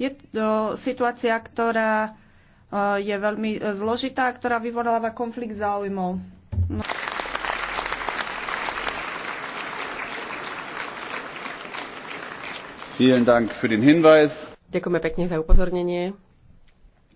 Je to situácia, ktorá e, je veľmi e, zložitá, ktorá vyvoláva konflikt záujmov. No. Ďakujeme pekne za upozornenie.